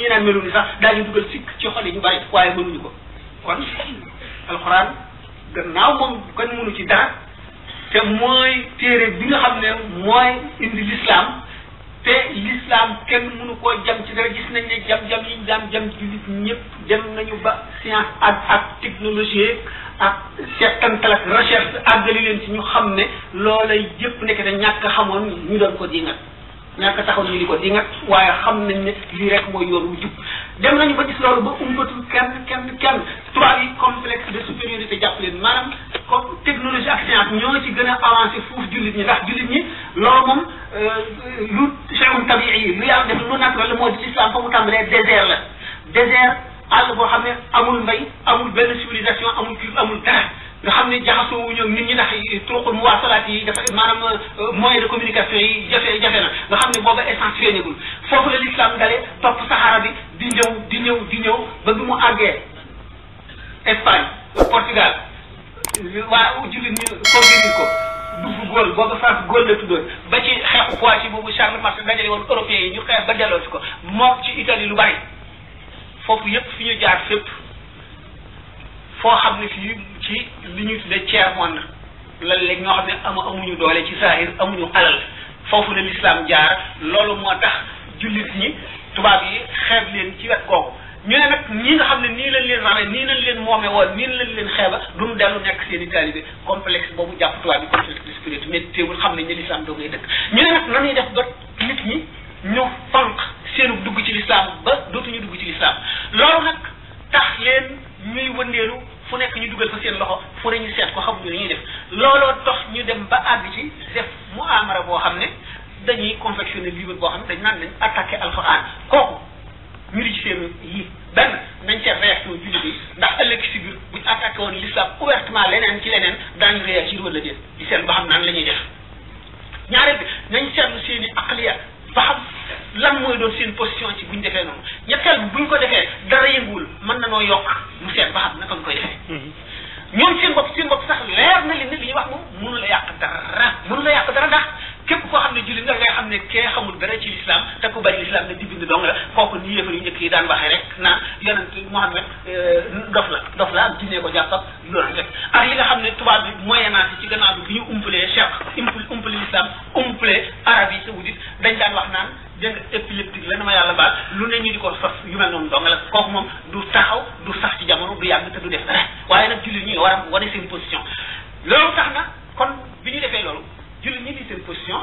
ñi melo meluñu sax daañu dugal sikk ci xol ñu bari waaye mënuñu ko kon alxuraan gannaaw moom kon mënu ci dara te mooy téere bi nga xam ne mooy indi lislaam te lislaam kenn mënu koo jam ci dara gis nañ ne jam-jam yi ñu daan jam ñëpp dem nañu ba science ak ak technologie ak seetantal ak recherche àggali leen ci ñu xam ne loolay yëpp nekk te ñàkk xamoon ñu doon ko dingat ñàkk a taxaw ñu ko di nga waaye xam nañ ne lii rek mooy yoon wu jub dem nañu ba gis loolu ba umbatul kenn kenn kenn tubaab yi complexe de supériorité jàpp leen maanaam comme technologie ak science ñoo ci gën a avancé fuuf jullit ñi ndax jullit ñi loolu moom euh, lu cheyun tabii yi lu yàlla def lu naturel moo di islam fa mu tàmbalee désert la désert àll boo xam ne amul mbay amul benn civilisation amul cuve amul dara nga xam ne jaxasoo wu ñoom nit ñi ndax turuqul muwaasalaat yi dafa maanaam euh, moyen de communication yi jafe jafe na nga xam ne booba essence feeñagul foofu la l'islam dale topp saxaara bi di ñëw di ñëw di ñëw ba bi mu àggee Espagne Portugal waa jullit ñu conquérir ko dugg góol booba France góol la tuddoon ba ci xeexu Poitiers boobu Charles Martel dajale woon européens yi ñu xeex ba delloo ko moom ci Italie lu bari foofu yëpp fi ñu jaar fépp foo xam ne ci li ñuy tudde ceemoon la léeg ñoo xam ne ama amuñu doole ci saahir amuñu alal foofu la lislaam jaar loolu moo tax jullit ñi tubaab yi xeeb leen ci wet googu ñu ne nag ñi nga xam ne nii lañ leen rame nii lañ leen moome woon nii lañ leen xeeba duñ dellu nekk seen i taalibe complexe boobu jàpp tubaab yi complexe d'esprit mais teewul xam ne ñu lislaam doo ngay dëkk ñu ne nag nanuy def ba nit ñi ñu fanq seenu dugg ci lislaam ba dootuñu dugg ci lislaam loolu nag ñu dugal fa seen loxo fu ne ñu seet ko xamuñu li ñuy def looloo tax ñu dem ba àgg ci def mu amara boo xam ne dañuy confectionné livre boo xam ne dañ naan nañ attaqué alquran kooku ñu di ci seen yi benn nañ seet réaction julli bi ndax ëllëg si biir buñ attaqué woon l'islam ouvertement leneen ci leneen daañu réagir wala déet di seet ba xam naan la ñuy def ñaareel bi nañ seetlu seen i aqliya ba xam lan mooy doon seen position ci buñ defee noonu ñetteel buñ ko defee dara yënguwul mën na noo yokk mu seet ba xam ñoom seen bopp seen bopp sax leer na leen ne li ñuy wax moom mënu la yàq dara mënu la yàq dara ndax képp koo xam ne jullit nga nga xam ne kee xamul dara ci lislaam te ku bari lislaam ne di bind dong la kooku nii yëfar yu njëkk yi daan waxee rek naan yonent Muhammad euh, dof la dof la ak jinne ko jàpp ak loolu rek ak li nga xam ne tubaab bi moyen âge ci gannaaw bi bi ñu umpalee cheikh umpale umpale lislaam umpalee arabie saoudite dañ daan wax naan dégg nga épileptique la na ma yàlla baal lu ne ñu di ko sos yu mel noonu dong la kooku moom du taxaw du sax jamono du yàgg te du def dara waaye nag jullit ñi war a wane seen position loolu tax na kon bi ñu defee loolu jullit ñi di seen position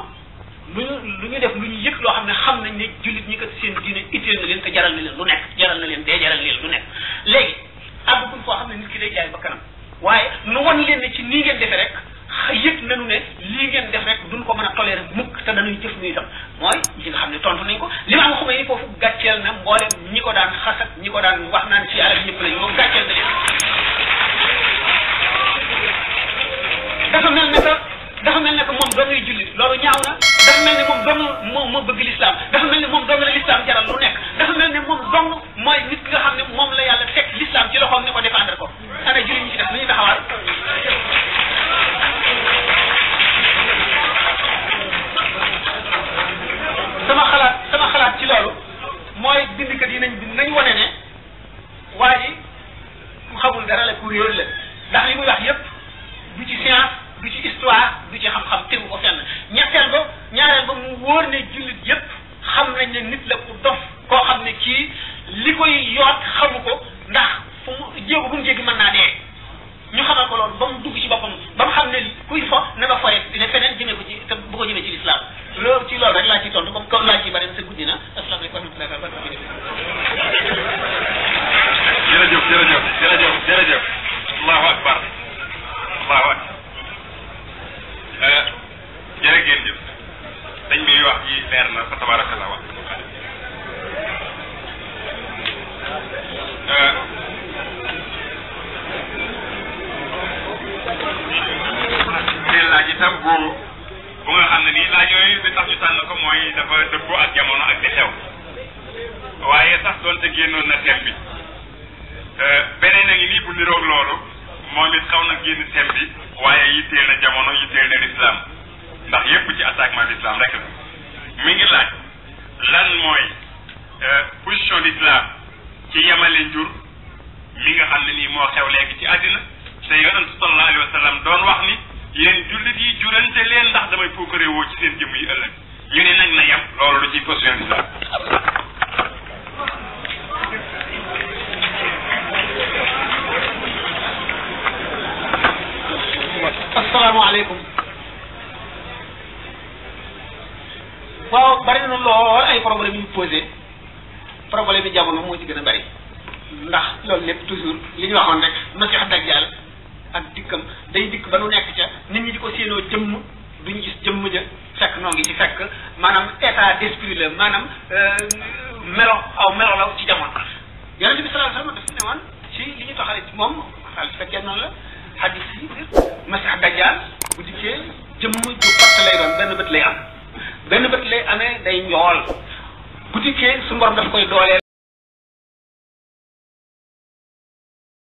lu ñu lu ñu def lu ñu yëg loo xam ne xam nañ ne jullit ñi kat seen diine itteel na leen te jaral na leen lu nekk jaral na leen dee jaral na leen lu nekk léegi àgguñ foo xam ne nit ki day jaay ba kanam waaye nu won leen ne ci nii ngeen defee rek yëg nañu ne lii ngeen def rek duñ ko mën a toléré mukk te dañuy jëf ñuy tam mooy ñi nga xam ne tontu nañ ko li ma xam ne foofu gàcceel na mboolem ñi ko daan xas ak ñi ko daan wax naan si àll bi ñëpp lañ moom gàcceel na leen. dafa mel ne que dafa mel ne que moom doo ngay jullit loolu ñaaw na dafa mel ne moom doo bëgg lislaam dafa bu la ndax li muy wax yépp du ci science du ci histoire du ci xam-xam tegu ko fenn ñetteel ba ñaareel ba mu wóor ne jullit yépp xam nañ ne nit la ku dof koo xam ne kii li koy yoot xamu ko ndax fu mu jéego bu mu jéggi mën naa dee ñu xamal ko loolu ba mu dugg ci boppam ba mu xam ne kuy fo na nga foye dina feneen jëmee ko ci te bu ko jëmee ci lislaam loolu ci loolu rek laa ciy tontu comme comme laa ciy bari na sa guddi na asalaamaaleykum wa rahmatulah buur bu xam ne nii laaj yooyu li tax ñu ko mooy dafa dëppoo ak jamono ak li xew waaye sax doonte génnoon na thème bi euh, beneen a ngi nii bu niroog loolu moom it xaw na génn thème waaye yitteel na jamono yitteel na lislaam ndax yépp ci attaquement lislaam rek mi ngi laaj lan mooy euh, position lislaam ci yemale njur mi nga xam ne nii moo xew léegi ci àddina te yonent sallallahu alayhi wa sallam doon wax ni yéen jullit yi jurante leen ndax damay puukaree woo ci seen jëmm yi ëllëg ñu ne nag na yem loolu lu ciy position islam asalaamaaleykum waaw bari na lool ay problème yu posé problème yi jamono moo ci gën a bari ndax loolu lépp toujours li ñu waxoon rek nasiha dajjal ak dikkam day dikk ba nu nekk ca nit ñi di ko séenoo jëmm duñu gis jëmm ja fekk noo ngi ci fekk maanaam état d'esprit la maanaam euh, melo aw melo la ci jamono yonent bi sallallahu alayhi wasallam dafa ne moom xaal su fekkee la hadis yi masih dajjal bu dikkee jëmm ju fatt lay doon benn bët lay am benn bët lay amee day njool bu dikkee su mborom daf koy dooleel